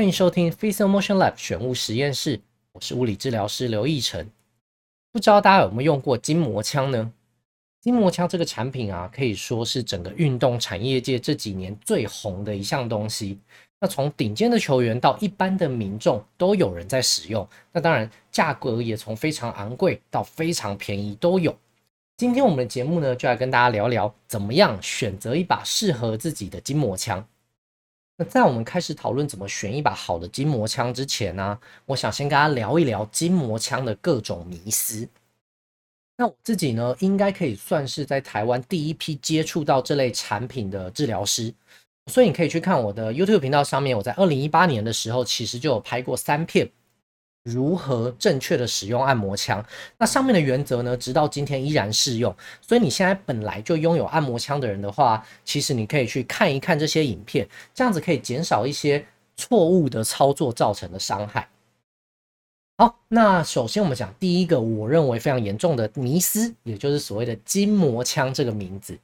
歡迎收聽 Fascial Motion Lab 選物實驗室，我是物理治療師劉義成。不知道大家有沒有用過筋膜槍呢？筋膜槍這個產品啊，可以說是整個運動產業界這幾年最紅的一項東西。那從頂尖的球員到一般的民眾，都有人在使用。那當然，價格也從非常昂貴到非常便宜都有。今天我們的節目呢，就來跟大家聊聊，怎麼樣選擇一把適合自己的筋膜槍。那在我們開始討論怎麼選一把好的筋膜槍之前呢，啊，我想先跟大家聊一聊筋膜槍的各種迷思。那我自己呢，應該可以算是在台灣第一批接觸到這類產品的治療師，所以你可以去看我的 YouTube 頻道上面，我在二零一八年的時候其實就有拍過三片。如何正確的使用按摩槍？那上面的原則呢，直到今天依然適用。所以你現在本來就擁有按摩槍的人的話，其實你可以去看一看這些影片，這樣子可以減少一些錯誤的操作造成的傷害。好，那首先我們講第一個，我認為非常嚴重的迷思，也就是所謂的筋膜槍這個名字。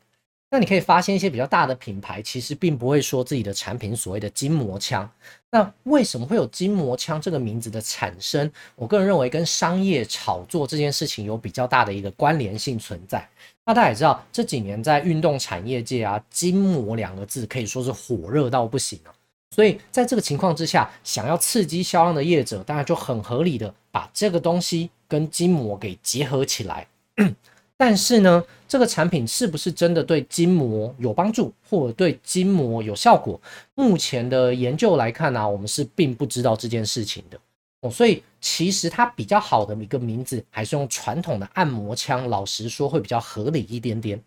那你可以發現一些比較大的品牌，其實並不會說自己的產品所謂的筋膜槍。那為什麼會有筋膜槍這個名字的產生？我個人認為跟商業炒作這件事情有比較大的一個關聯性存在。那大家也知道，這幾年在運動產業界啊，筋膜兩個字可以說是火熱到不行了啊。所以在這個情況之下，想要刺激銷量的業者，當然就很合理的把這個東西跟筋膜給結合起來。但是呢，這個產品是不是真的對筋膜有幫助，或者對筋膜有效果？目前的研究來看呢、啊，我們是並不知道這件事情的哦。所以其實它比較好的一個名字，還是用傳統的按摩槍。老實說，會比較合理一點點。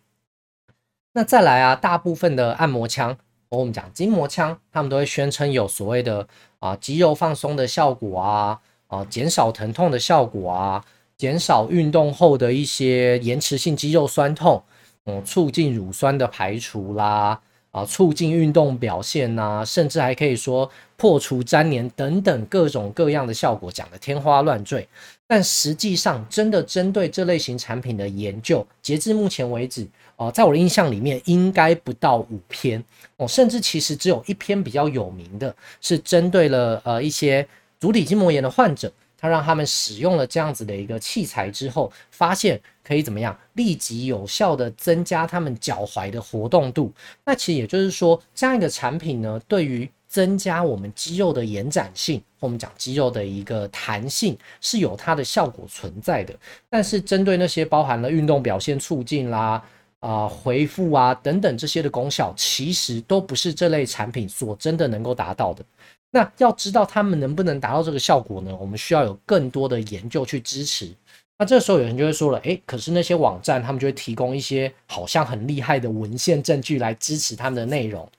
那再來啊，大部分的按摩槍，我們講筋膜槍，他們都會宣稱有所謂的啊肌肉放鬆的效果啊，啊減少疼痛的效果啊。減少運動後的一些延遲性肌肉痠痛，嗯，促進乳酸的排除啦，啊，啊，促進運動表現吶、啊，甚至還可以說破除粘連等等各種各樣的效果，講得天花亂墜。但實際上，真的針對這類型產品的研究，截至目前為止，呃，在我的印象裡面，應該不到五篇。哦，甚至其實只有一篇比較有名的，是針對了呃一些足底筋膜炎的患者。他讓他們使用了這樣子的一個器材之後，發現可以怎麼樣？立即有效地增加他們腳踝的活動度。那其實也就是說，這樣一個產品呢，對於增加我們肌肉的延展性，我們講肌肉的一個彈性，是有它的效果存在的。但是針對那些包含了運動表現促進啦、啊、呃、恢復啊等等這些的功效，其實都不是這類產品所真的能夠達到的。那要知道他們能不能達到這個效果呢？我們需要有更多的研究去支持。那這時候有人就會說了，誒，可是那些網站他們就會提供一些好像很厲害的文獻證據來支持他們的內容。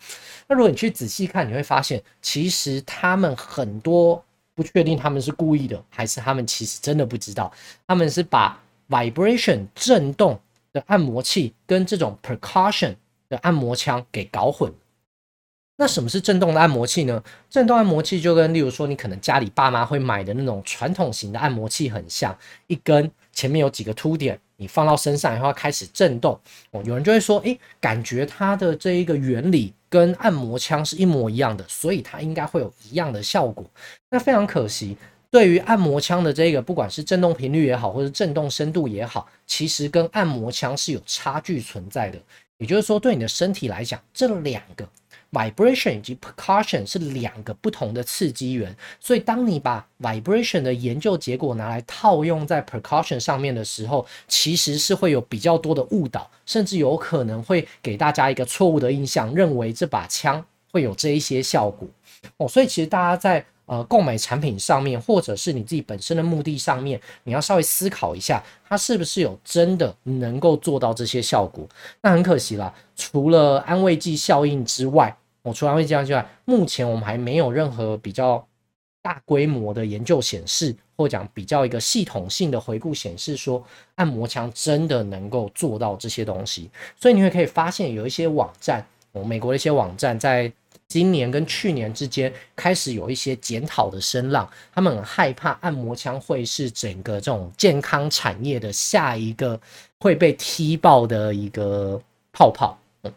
那如果你去仔細看，你會發現其實他們很多不確定，他們是故意的，還是他們其實真的不知道，他們是把 vibration 振動的按摩器跟這種 percussion 的按摩槍給搞混。那什麼是震動的按摩器呢？震動按摩器就跟例如說你可能家裡爸媽會買的那種傳統型的按摩器很像，一根前面有幾個凸點，你放到身上然後開始震動。哦，有人就會說，誒，感覺它的這一個原理跟按摩槍是一模一樣的，所以它應該會有一樣的效果。那非常可惜，對於按摩槍的這個，不管是震動頻率也好，或是震動深度也好，其實跟按摩槍是有差距存在的。也就是說，對你的身體來講，這兩個。Vibration 以及 percussion 是兩個不同的刺激源，所以當你把 vibration 的研究結果拿來套用在 percussion 上面的時候，其實是會有比較多的誤導，甚至有可能會給大家一個錯誤的印象，認為這把槍會有這一些效果。哦，所以其實大家在呃購買產品上面，或者是你自己本身的目的上面，你要稍微思考一下，它是不是有真的能夠做到這些效果？那很可惜啦，除了安慰劑效應之外，我除了會這樣之外，目前我們還沒有任何比較大規模的研究顯示，或講比較一個系統性的回顧顯示，說按摩槍真的能夠做到這些東西。所以你會可以發現，有一些網站，美國的一些網站，在今年跟去年之間開始有一些檢討的聲浪，他們很害怕按摩槍會是整個這種健康產業的下一個會被踢爆的一個泡泡。嗯，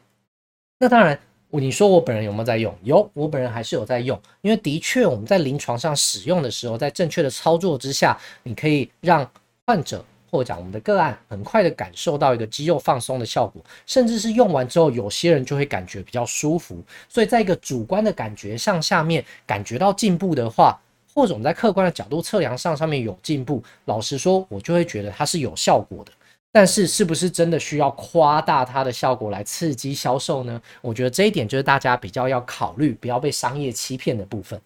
那當然。你說我本人有沒有在用？有，我本人還是有在用。因為的確，我們在臨床上使用的時候，在正確的操作之下，你可以讓患者或者講我們的個案很快的感受到一個肌肉放鬆的效果，甚至是用完之後，有些人就會感覺比較舒服。所以在一個主觀的感覺上，下面感覺到進步的話，或者我們在客觀的角度測量上，上面有進步，老實說，我就會覺得它是有效果的。但是，是不是真的需要誇大它的效果來刺激銷售呢？我覺得這一點就是大家比較要考慮，不要被商業欺騙的部分。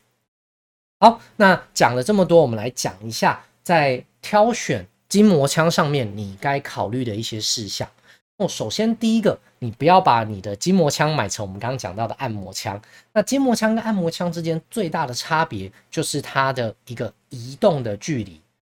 好，那講了這麼多，我們來講一下在挑選筋膜槍上面你該考慮的一些事項。哦，首先第一個，你不要把你的筋膜槍買成我們剛剛講到的按摩槍。那筋膜槍跟按摩槍之間最大的差別就是它的一個移動的距離。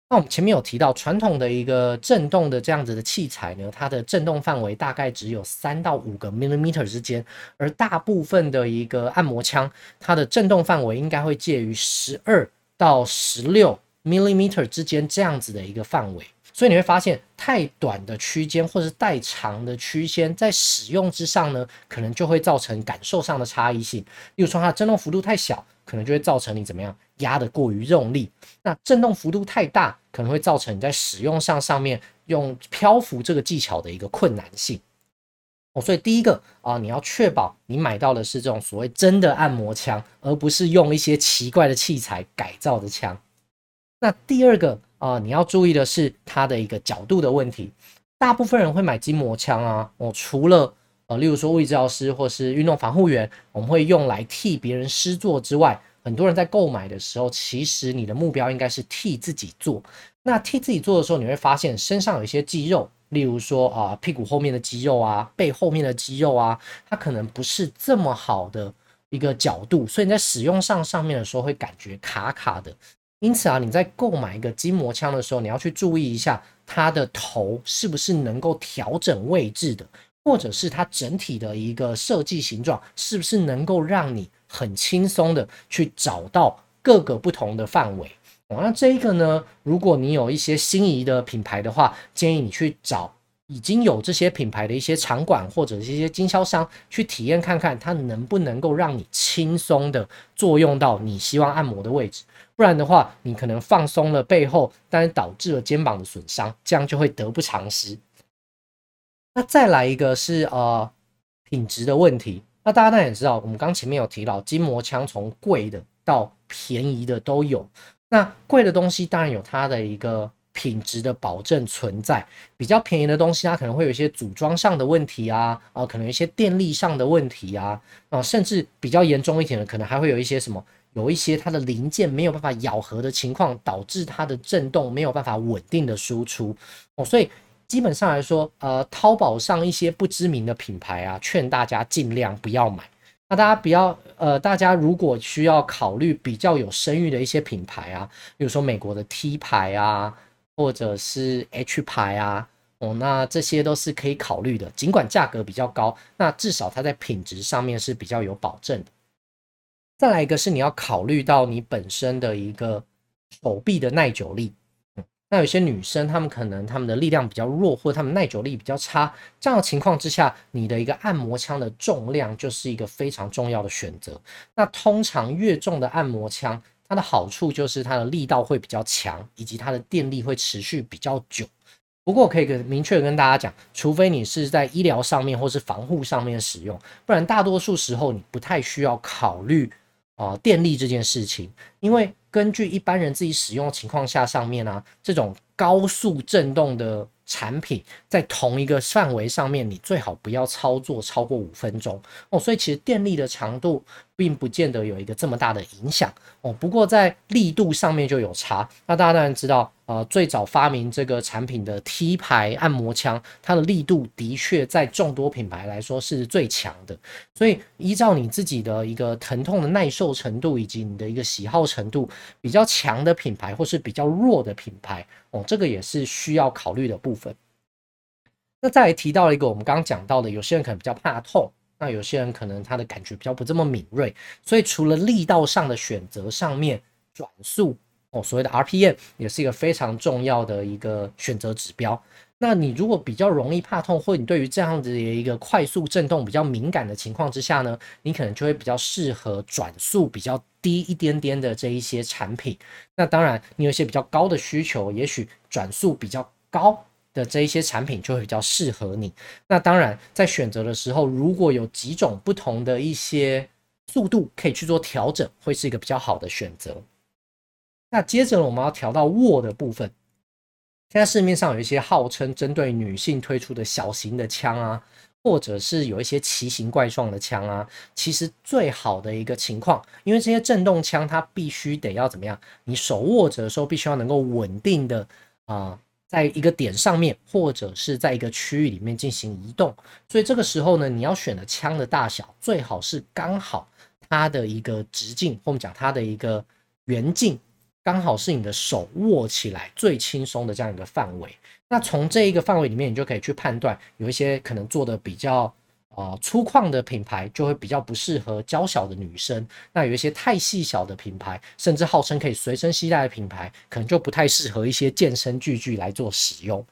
那我們前面有提到，傳統的一個震動的這樣子的器材呢，它的震動範圍大概只有三到五個 millimeter 之間，而大部分的一個按摩槍，它的震動範圍應該會介於十二到十六 millimeter 之間這樣子的一個範圍。所以你會發現，太短的區間或者是太長的區間，在使用之上呢，可能就會造成感受上的差異性。例如說，它的震動幅度太小，可能就會造成你怎麼樣？壓得過於用力，那震動幅度太大，可能會造成你在使用上上面用漂浮這個技巧的一個困難性。哦，所以第一個啊、呃，你要確保你買到的是這種所謂真的按摩槍，而不是用一些奇怪的器材改造的槍。那第二個啊、呃，你要注意的是它的一個角度的問題。大部分人會買筋膜槍啊，哦，除了呃，例如說物理治療師或是運動防護員，我們會用來替別人施作之外。很多人在購買的時候，其實你的目標應該是替自己做。那替自己做的時候，你會發現身上有一些肌肉，例如說啊、呃，屁股後面的肌肉啊，背後面的肌肉啊，它可能不是這麼好的一個角度，所以你在使用上上面的時候會感覺卡卡的。因此啊，你在購買一個筋膜槍的時候，你要去注意一下它的頭是不是能夠調整位置的，或者是它整體的一個設計形狀是不是能夠讓你。很輕鬆的去找到各個不同的範圍，哦，那這一個呢，如果你有一些心儀的品牌的話，建議你去找已經有這些品牌的一些場館或者是一些經銷商去體驗看看，它能不能夠讓你輕鬆的作用到你希望按摩的位置。不然的話，你可能放鬆了背後，但是導致了肩膀的損傷，這樣就會得不償失。那再來一個是，呃，品質的問題。那大家當然也知道，我們剛前面有提到，筋膜槍從貴的到便宜的都有。那貴的東西當然有它的一個品質的保證存在，比較便宜的東西它可能會有一些組裝上的問題啊，啊，可能一些電力上的問題啊，啊，甚至比較嚴重一點的，可能還會有一些什麼，有一些它的零件沒有辦法咬合的情況，導致它的震動沒有辦法穩定的輸出哦，所以。基本上來說，呃，淘寶上一些不知名的品牌啊，勸大家盡量不要買。那大家不要，呃，大家如果需要考慮比較有聲譽的一些品牌啊，比如說美國的 T 牌啊，或者是 H 牌啊，哦，那這些都是可以考慮的，儘管價格比較高，那至少它在品質上面是比較有保證的。再來一個是你要考慮到你本身的一個手臂的耐久力。那有些女生，她們可能她們的力量比較弱，或者她們耐久力比較差。這樣的情況之下，你的一個按摩槍的重量就是一個非常重要的選擇。那通常越重的按摩槍，它的好處就是它的力道會比較強，以及它的電力會持續比較久。不過我可以給明確跟大家講，除非你是在醫療上面或是防護上面使用，不然大多數時候你不太需要考慮啊電力這件事情，因為。根據一般人自己使用的情況下，上面呢、啊、這種。高速震動的產品在同一個範圍上面，你最好不要操作超過五分鐘哦。所以其實電力的長度並不見得有一個這麼大的影響哦。不過在力度上面就有差。那大家當然知道，呃，最早發明這個產品的 T 牌按摩槍，它的力度的確在眾多品牌來說是最強的。所以依照你自己的一個疼痛的耐受程度以及你的一個喜好程度，比較強的品牌或是比較弱的品牌。這個也是需要考慮的部分。那再來提到一個，我們剛剛講到的，有些人可能比較怕痛，那有些人可能他的感覺比較不這麼敏銳，所以除了力道上的選擇上面，轉速。所謂的 RPM 也是一個非常重要的一個選擇指標。那你如果比較容易怕痛，或你對於這樣子的一個快速震動比較敏感的情況之下呢，你可能就會比較適合轉速比較低一點點的這一些產品。那當然，你有一些比較高的需求，也許轉速比較高的這一些產品就會比較適合你。那當然，在選擇的時候，如果有幾種不同的一些速度可以去做調整，會是一個比較好的選擇。那接着，我們要調到握的部分。現在市面上有一些號稱針對女性推出的小型的槍啊，或者是有一些奇形怪狀的槍啊。其實最好的一個情況，因為這些震動槍它必須得要怎麼樣？你手握着的時候，必須要能夠穩定的啊、呃，在一個點上面，或者是在一個區域裡面進行移動。所以這個時候呢，你要選的槍的大小，最好是剛好它的一個直徑，或我們講它的一個圓徑。剛好是你的手握起來最輕鬆的這樣一個範圍，那從這一個範圍裡面，你就可以去判斷有一些可能做的比較啊、呃、粗獷的品牌，就會比較不適合嬌小的女生。那有一些太細小的品牌，甚至號稱可以隨身攜帶的品牌，可能就不太適合一些健身具具來做使用。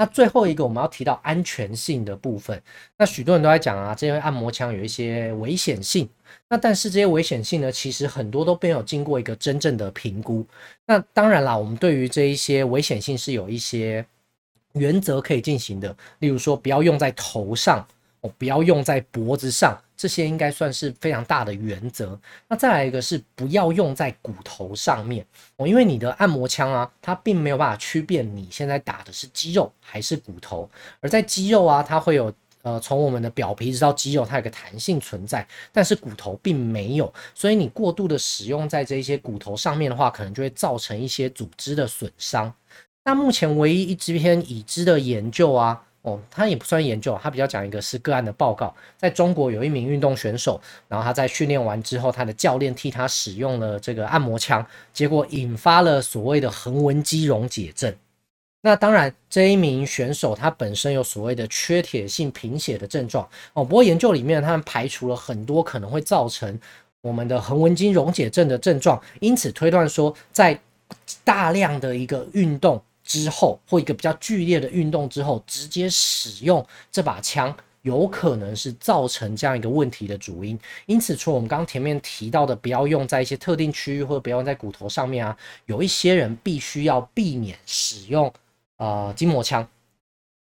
那最後一個我們要提到安全性的部分。那許多人都在講啊，這些按摩槍有一些危險性。那但是這些危險性呢，其實很多都沒有經過一個真正的評估。那當然啦，我們對於這一些危險性是有一些原則可以進行的，例如說不要用在頭上。哦、不要用在脖子上，這些應該算是非常大的原則。那再來一個是不要用在骨頭上面哦，因為你的按摩槍啊，它並沒有辦法區別你現在打的是肌肉還是骨頭。而在肌肉啊，它會有呃從我們的表皮一直到肌肉，它有個彈性存在，但是骨頭並沒有。所以你過度的使用在這些骨頭上面的話，可能就會造成一些組織的損傷。那目前唯一一支篇已知的研究啊。哦，他也不算研究，他比較講一個是個案的報告。在中國有一名運動選手，然後他在訓練完之後，他的教練替他使用了這個按摩槍，結果引發了所謂的橫紋肌溶解症。那當然，這一名選手他本身有所謂的缺鐵性貧血的症狀。哦，不過研究裡面他們排除了很多可能會造成我們的橫紋肌溶解症的症狀，因此推斷說在大量的一個運動。之後或一個比較劇烈的運動之後，直接使用這把槍，有可能是造成這樣一個問題的主因。因此，除了我們剛前面提到的，不要用在一些特定區域，或者不要用在骨頭上面啊，有一些人必須要避免使用呃筋膜槍。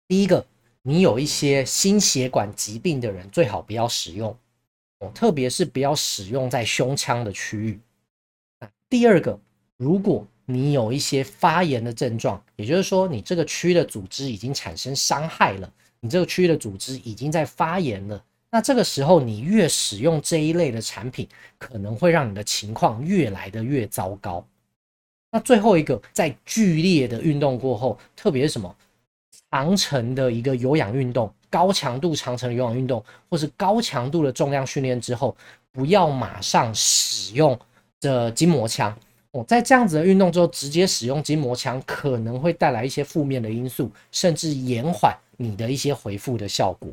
第一個，你有一些心血管疾病的人，最好不要使用，特別是不要使用在胸腔的區域。那第二個，如果你有一些發炎的症狀，也就是說，你這個區域的組織已經產生傷害了，你這個區域的組織已經在發炎了。那這個時候，你越使用這一類的產品，可能會讓你的情況越來的越糟糕。那最後一個，在劇烈的運動過後，特別是什麼？長程的一個有氧運動、高強度長程的有氧運動，或是高強度的重量訓練之後，不要馬上使用這筋膜槍。哦，在這樣子的運動之後，直接使用筋膜槍可能會帶來一些負面的因素，甚至延緩你的一些恢復的效果。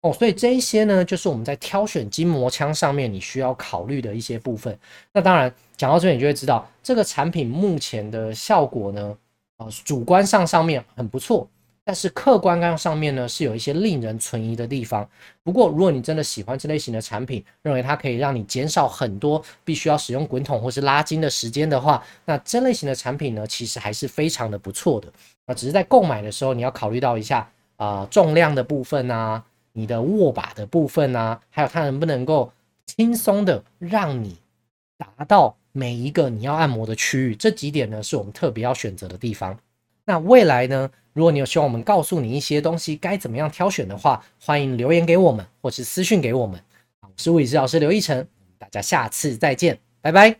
哦，所以這一些呢，就是我們在挑選筋膜槍上面你需要考慮的一些部分。那當然，講到這邊你就會知道，這個產品目前的效果呢，啊、呃，主觀上上面很不錯。但是客觀上上面呢，是有一些令人存疑的地方。不過如果你真的喜歡這類型的產品，認為它可以讓你減少很多必須要使用滾筒或是拉筋的時間的話，那這類型的產品呢，其實還是非常的不錯的。那只是在購買的時候，你要考慮到一下啊，呃，重量的部分啊，你的握把的部分啊，還有它能不能夠輕鬆的讓你達到每一個你要按摩的區域。這幾點呢，是我們特別要選擇的地方。那未來呢？如果你有需要，我們告訴你一些東西該怎麼樣挑選的話，歡迎留言給我們，或是私信給我們。我是物理治療師劉一晨，大家下次再見，拜拜。